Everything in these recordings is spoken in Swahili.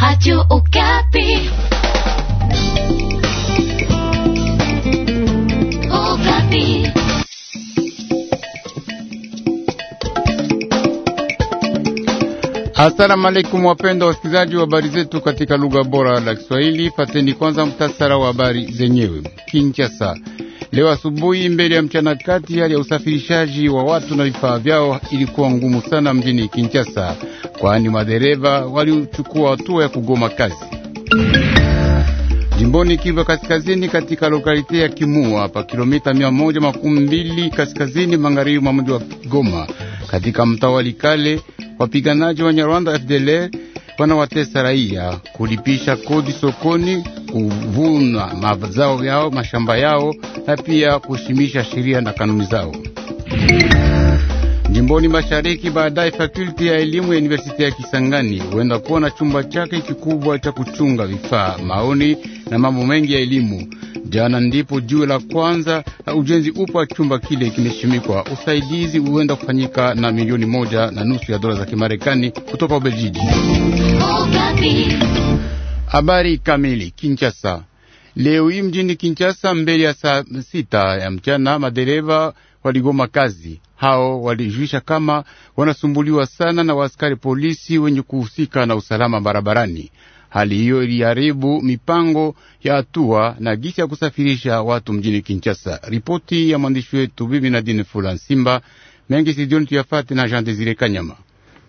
Radio Okapi. Okapi. Asalamu alaykum wapendwa wasikilizaji wa habari zetu katika lugha bora la Kiswahili. Fateni kwanza mtasara wa habari zenyewe. Kinshasa Leo asubuhi mbele ya mchana kati, hali ya usafirishaji wa watu na vifaa vyao ilikuwa ngumu sana mjini Kinshasa, kwani madereva walichukua hatua ya kugoma kazi. Jimboni Kivu Kaskazini, katika lokalite ya Kimua pa kilomita mia moja makumi mbili kaskazini magharibi mwa mji wa Goma, katika mtaa wa Likale, wapiganaji wa Nyarwanda FDLR wanawatesa raia kulipisha kodi sokoni kuvuna mazao yao mashamba yao na pia kuheshimisha sheria na kanuni zao. Jimboni mashariki, baadaye fakulti ya elimu ya universiti ya Kisangani huenda kuwa na chumba chake kikubwa cha kuchunga vifaa, maoni na mambo mengi ya elimu. Jana ndipo jiwe la kwanza la ujenzi wa chumba kile kimeshimikwa. Usaidizi huenda kufanyika na milioni moja na nusu ya dola za Kimarekani kutoka Ubelgiji. Oh, Habari kamili. Kinshasa leo hii mjini Kinshasa, mbele ya saa sita ya mchana, madereva waligoma kazi. Hao walijuisha kama wanasumbuliwa sana na waaskari polisi wenye kuhusika na usalama barabarani. Hali hiyo iliharibu mipango ya hatua na gisi ya kusafirisha watu mjini Kinshasa. Ripoti ya mwandishi wetu bibi Nadine Fulansimba mengi sidioni tuyafate na Jean Desire Kanyama.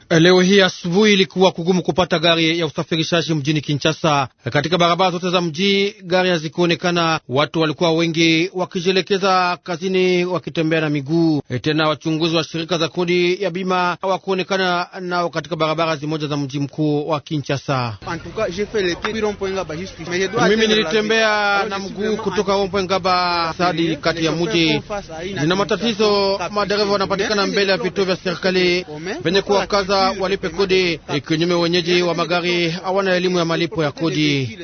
Eh, leo hii asubuhi ilikuwa kugumu kupata gari ya usafirishaji mjini Kinshasa. Eh, katika barabara zote za mji gari hazikuonekana. Watu walikuwa wengi wakijielekeza kazini wakitembea na miguu. Eh, tena wachunguzi wa shirika za kodi ya bima hawakuonekana nao katika barabara zimoja za mji mkuu wa Kinshasa. Mimi nilitembea na mguu kutoka Ompo Ngaba kati ya mji. Nina matatizo, madereva wanapatikana mbele ya vituo vya serikali venye kuwakaza kwanza walipe kodi eh, kinyume. Wenyeji wa magari hawana elimu ya malipo ya kodi.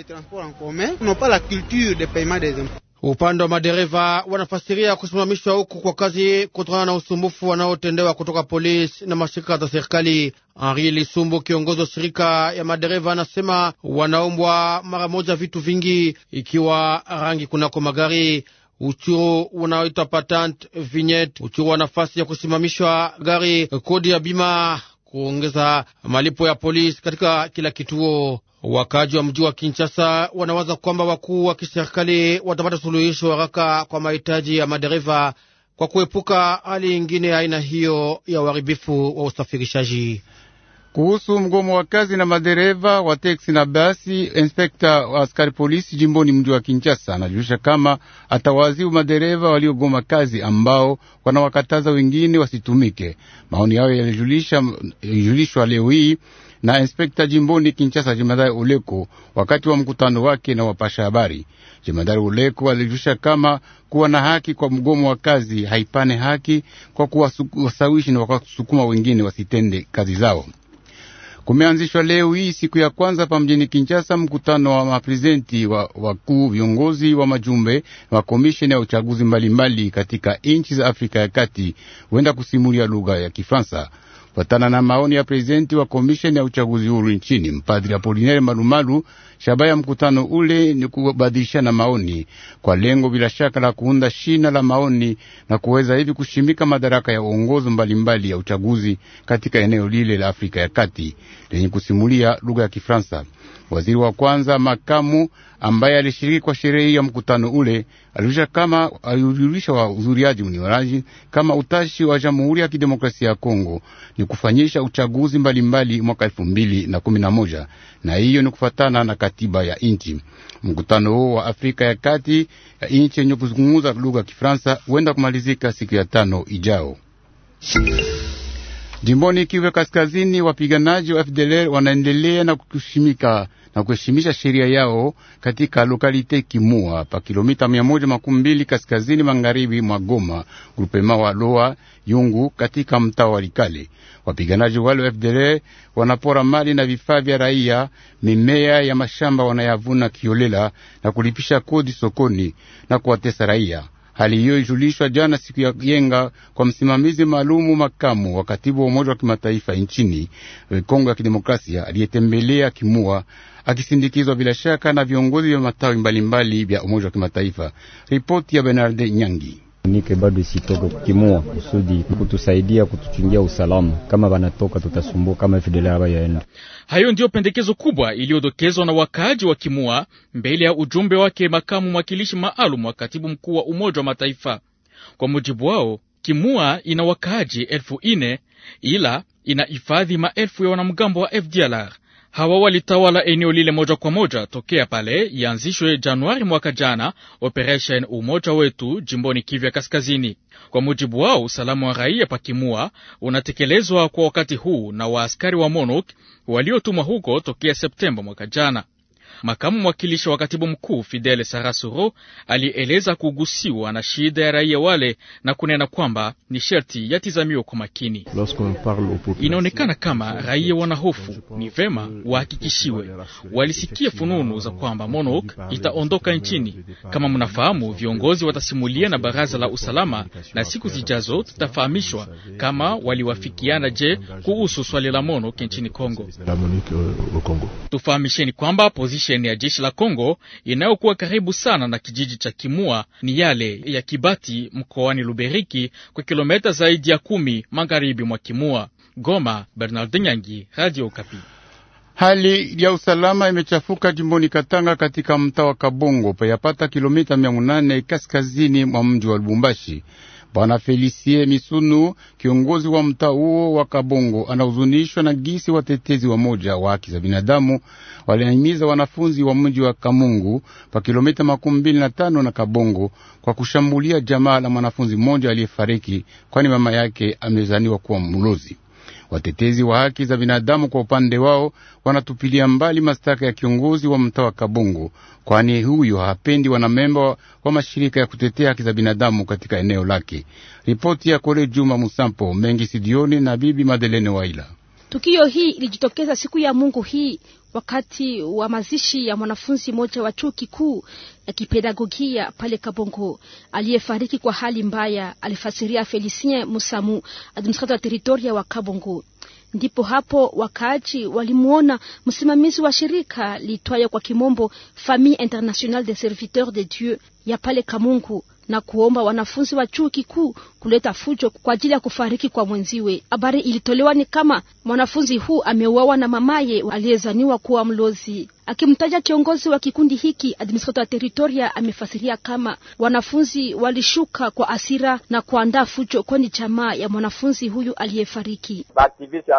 Upande wa madereva wanafasiria kusimamishwa huku kwa kazi kutokana na usumbufu wanaotendewa kutoka polisi na mashirika za serikali. Henri Lisumbu, kiongozi wa shirika ya madereva, anasema wanaombwa mara moja vitu vingi, ikiwa rangi kunako magari uchuru unaoitwa patent vinyet, uchuru wa nafasi ya kusimamishwa gari, kodi ya bima kuongeza malipo ya polisi katika kila kituo. Wakaji wa mji wa Kinshasa wanawaza kwamba wakuu wa kiserikali watapata suluhisho haraka kwa mahitaji ya madereva kwa kuepuka hali ingine aina hiyo ya uharibifu wa usafirishaji kuhusu mgomo wa kazi na madereva wa teksi na basi. Inspekta wa askari polisi jimboni mji wa Kinshasa anajulisha kama atawazibu madereva waliogoma kazi ambao wanawakataza wengine wasitumike. Maoni yao yalijulishwa leo hii na inspekta jimboni Kinshasa jemadari Uleko wakati wa mkutano wake na wapasha habari. Jemadari Uleko alijulisha kama kuwa na haki kwa mgomo wa kazi haipane haki kwa kuwasawishi na wakasukuma wengine wasitende kazi zao. Kumeanzishwa leo hii siku ya kwanza pa mjini Kinshasa mkutano wa maprezidenti wa wakuu viongozi wa majumbe wa komisheni ya uchaguzi mbalimbali mbali katika nchi za Afrika ya Kati, huenda kusimulia lugha ya Kifaransa kufatana na maoni ya prezidenti wa komisheni ya uchaguzi huru nchini mpadri Apolinere Malumalu. Shabaha ya mkutano ule ni kubadilishana maoni kwa lengo bila shaka la kuunda shina la maoni na kuweza hivi kushimika madaraka ya uongozi mbalimbali ya uchaguzi katika eneo lile la Afrika ya Kati lenye kusimulia lugha ya Kifaransa. Waziri wa kwanza makamu ambaye alishiriki kwa sherehe ya mkutano ule alirusha kama wa uzuriaji mniwaraji kama utashi wa Jamhuri ya Kidemokrasia ya Kongo ni kufanyisha uchaguzi mbalimbali mwaka elfu mbili na kumi na moja na hiyo ni kufatana na katiba ya nchi. Mkutano huo wa Afrika ya Kati ya nchi yenye kuzungumza lugha ya Kifaransa huenda kumalizika siku ya tano ijao. Jimboni Kivu Kaskazini, wapiganaji wa FDLR wanaendelea na kushimika na kuheshimisha sheria yao katika lokalite Kimua pa kilomita mia moja makumi mbili kaskazini magharibi mwa Goma, grupema wa Loa Yungu katika mtaa wa Likale. Wapiganaji wale wa FDL wanapora mali na vifaa vya raia, mimea ya mashamba wanayavuna kiolela na kulipisha kodi sokoni na kuwatesa raia. Hali hiyo ijulishwa jana siku ya yenga kwa msimamizi maalumu makamu wa katibu wa Umoja wa Kimataifa nchini Kongo ya Kidemokrasia aliyetembelea Kimua akisindikizwa bila shaka na viongozi vya matawi mbalimbali vya Umoja wa Kimataifa. Ripoti ya Bernard Nyangi nike bado isitoke kukimua kusudi kutusaidia kutuchungia usalama. Kama wanatoka tutasumbua, kama fidelea haba yaenda. Hayo ndiyo pendekezo kubwa iliyodokezwa na wakaaji wa Kimua mbele ya ujumbe wake makamu mwakilishi maalum wa katibu mkuu wa Umoja wa Mataifa. Kwa mujibu wao, Kimua ina wakaaji elfu ine ila ina hifadhi maelfu ya wanamgambo wa FDLR Hawa walitawala eneo lile moja kwa moja tokea pale ianzishwe Januari mwaka jana Operation Umoja Wetu jimboni kivya Kaskazini. Kwa mujibu wao, usalama wa raia pakimua unatekelezwa kwa wakati huu na waaskari wa MONUC waliotumwa huko tokea Septemba mwaka jana. Makamu mwakilishi wa katibu mkuu Fidel Sarasuro alieleza kugusiwa na shida ya raia wale na kunena kwamba ni sherti yatizamiwe kwa makini. Inaonekana kama raia wana hofu, ni vema wahakikishiwe. Walisikia fununu za kwamba MONUC itaondoka nchini. Kama mnafahamu, viongozi watasimulia na baraza la usalama, na siku zijazo tutafahamishwa kama waliwafikiana je kuhusu swali la MONUC nchini Kongo. Tufahamisheni kwamba operesheni ya jeshi la congo inayokuwa karibu sana na kijiji cha Kimua ni yale ya Kibati mkoani Luberiki kwa kilometa zaidi ya kumi magharibi mwa Kimua. Goma, Bernard Nyangi, Radio Okapi. Hali ya usalama imechafuka jimboni Katanga katika mtaa wa Kabongo, payapata kilomita mia kaskazini mwa mji wa Lubumbashi. Bwana Felisie Misunu, kiongozi wa mtaa huo wa Kabongo, anahuzunishwa na gisi watetezi wa moja wa haki za binadamu walihimiza wanafunzi wa mji wa Kamungu pa kilomita makumi mbili na tano na Kabongo kwa kushambulia jamaa la mwanafunzi mmoja aliyefariki, kwani mama yake amezaniwa kuwa mlozi. Watetezi wa haki za binadamu kwa upande wao wanatupilia mbali mashtaka ya kiongozi wa mtaa wa Kabungo, kwani huyo hapendi wanamemba wa mashirika ya kutetea haki za binadamu katika eneo lake. Ripoti ya Kole Juma Musampo mengi sidioni na Bibi Madelene Waila. Tukio hii ilijitokeza siku ya Mungu hii wakati wa mazishi ya mwanafunzi mmoja wa chuo kikuu ya kipedagogia pale Kabongo aliyefariki kwa hali mbaya, alifasiria Felicien Musamu, administrateur wa teritoria wa Kabongo. Ndipo hapo wakaaji walimwona msimamizi wa shirika litwayo kwa kimombo Famille Internationale des Serviteurs de Dieu ya pale Kamungu na kuomba wanafunzi wa chuo kikuu kuleta fujo kwa ajili ya kufariki kwa mwenziwe. Habari ilitolewa ni kama mwanafunzi huu ameuawa na mamaye aliyezaniwa kuwa mlozi. Akimtaja kiongozi wa kikundi hiki, administrator wa teritoria amefasiria kama wanafunzi walishuka kwa asira na kuandaa fujo, kwenye jamaa ya mwanafunzi huyu aliyefariki baaktiviste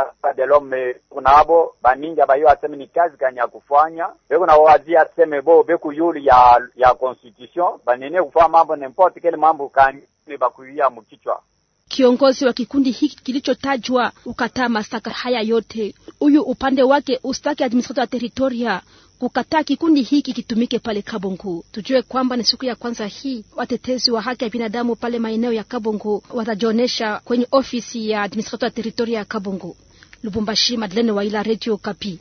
kunabo baningi bayo aseme ni kazi kanya ya kufanya beko na wazi aseme bo beku yuli ya ya constitution banene kufanya mambo nimporte kele mambo kani bakuia mkichwa Kiongozi wa kikundi hiki kilichotajwa ukataa mashtaka haya yote huyu upande wake ustaki administrator ya teritoria kukataa kikundi hiki kitumike pale Kabongo. Tujue kwamba ni siku ya kwanza hii watetezi wa haki ya binadamu pale maeneo ya Kabongo watajionyesha kwenye ofisi ya administrator wa teritoria ya Kabongo. Lubumbashi, Madeleine Waila, Radio Kapi.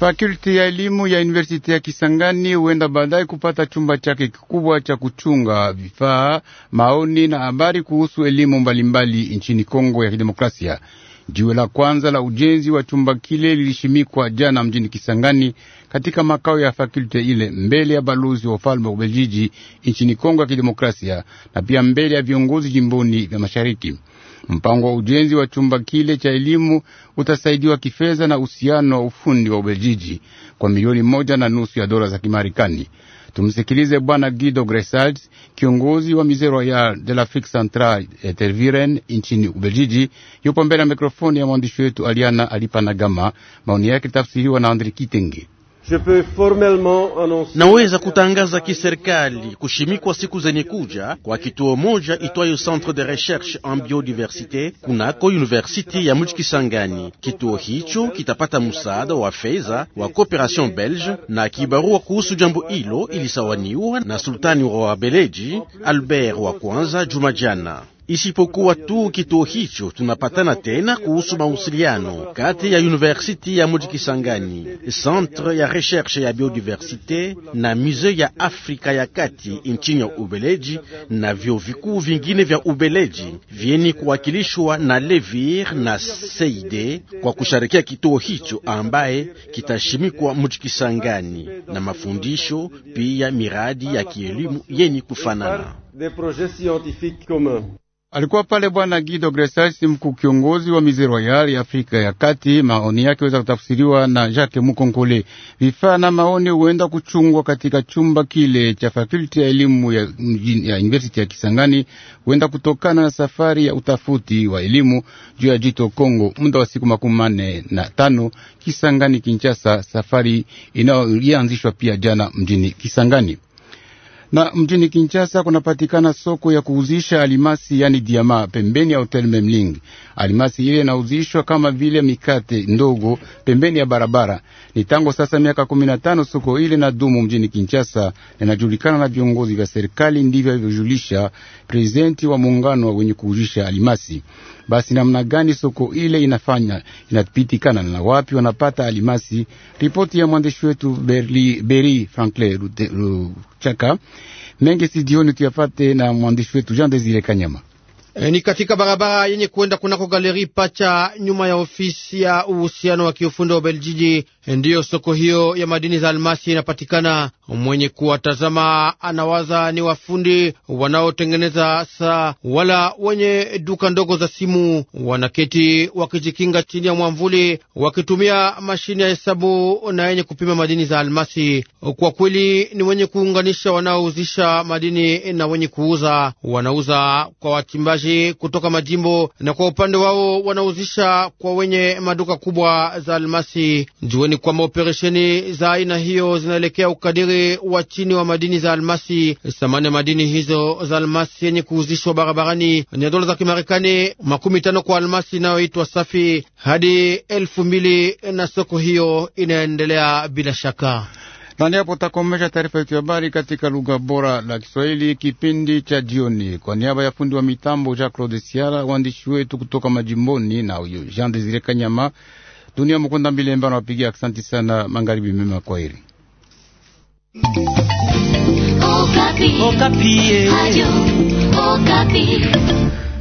Fakulti ya elimu ya universiti ya Kisangani huenda baadaye kupata chumba chake kikubwa cha kuchunga vifaa, maoni na habari kuhusu elimu mbalimbali nchini Kongo ya Kidemokrasia. Jiwe la kwanza la ujenzi wa chumba kile lilishimikwa jana mjini Kisangani katika makao ya fakulte ile mbele ya balozi wa ufalme wa ubeljiji nchini Kongo ya Kidemokrasia na pia mbele ya viongozi jimboni vya mashariki. Mpango wa ujenzi wa chumba kile cha elimu utasaidiwa kifedha na uhusiano wa ufundi wa ubeljiji kwa milioni moja na nusu ya dola za Kimarekani. Tumsikilize Bwana Guido Gresald, kiongozi wa Mise Royal de l'Afrique Centrale Eterviren nchini Ubelgiji. Yupo mbele ya mikrofoni ya mwandishi wetu Aliana Alipanagama. Maoni yake tafsiriwa na Andri Kitenge. Naweza kutangaza kiserikali kushimikwa siku zenye kuja kwa kituo moja itwayo Centre de Recherche en Biodiversité kunako University ya mji Kisangani. Kituo hicho kitapata msaada wa fedha wa Cooperation Belge, na kibarua kuhusu jambo hilo ilisawaniwa na sultani wa Wabeleji Albert wa kwanza juma jana isipokuwa tu kituo hicho tunapatana tena kuhusu mausiliano kati ya university ya muji Kisangani, centre ya recherche ya biodiversite na musee ya Afrika ya kati inchini ya Ubeleji na vyo vikuu vingine vya Ubeleji vyeni kuwakilishwa na Levir na Seide kwa kusharikia kituo hicho ambaye kitashimikwa muji Kisangani na mafundisho pia miradi ya kielimu yeni kufanana. Alikuwa pale Bwana Guido gresas mkuu kiongozi wa mize royal ya Afrika ya Kati. Maoni yake weza kutafsiriwa na Jacques Mukonkole. Vifaa na maoni huenda kuchungwa katika chumba kile cha fakulti ya elimu ya, ya University ya Kisangani, huenda kutokana na safari ya utafuti wa elimu juu ya jito Kongo, muda wa siku makumi manne na tano Kisangani Kinshasa, safari inayoanzishwa pia jana mjini Kisangani. Na mjini Kinshasa kunapatikana soko ya kuuzisha alimasi yani diama pembeni ya hotel Memling. Alimasi ile inauzishwa kama vile mikate ndogo pembeni ya barabara. Ni tangu sasa miaka kumi na tano soko ile na dumu mjini Kinshasa, linajulikana na viongozi vya serikali, ndivyo alivyojulisha prezidenti wa muungano wenye kuuzisha alimasi. Basi namna gani soko ile inafanya inapitikana na wapi wanapata alimasi? Ripoti ya mwandishi wetu Beri Frankle Ruchaka mengi sidioni, tuyafate na mwandishi wetu Jean Desire Kanyama. E, ni katika barabara yenye kuenda kunako galeri pacha nyuma ya ofisi ya uhusiano wa kiufundi wa Beljiji ndiyo soko hiyo ya madini za almasi inapatikana. Mwenye kuwatazama anawaza ni wafundi wanaotengeneza saa wala wenye duka ndogo za simu, wanaketi wakijikinga chini ya mwamvuli, wakitumia mashine ya hesabu na yenye kupima madini za almasi. Kwa kweli ni wenye kuunganisha wanaouzisha madini na wenye kuuza. Wanauza kwa wachimbaji kutoka majimbo, na kwa upande wao wanauzisha kwa wenye maduka kubwa za almasi. Jueni ni kwamba operesheni za aina hiyo zinaelekea ukadiri wa chini wa madini za almasi. Thamani ya madini hizo za almasi yenye kuuzishwa barabarani ni dola za Kimarekani makumi tano kwa almasi inayoitwa safi hadi elfu mbili na soko hiyo inaendelea bila shaka Nani hapo takomesha taarifa yetu ya habari katika lugha bora la Kiswahili kipindi cha jioni. Kwa niaba ya fundi wa mitambo Jacques Claude Siara, waandishi wetu kutoka majimboni na huyu Jean Desire Kanyama Dunia Mukunda Milemba na wapigia sana, mangaribi mema, kwaheri. Okapi. Okapi. Eh.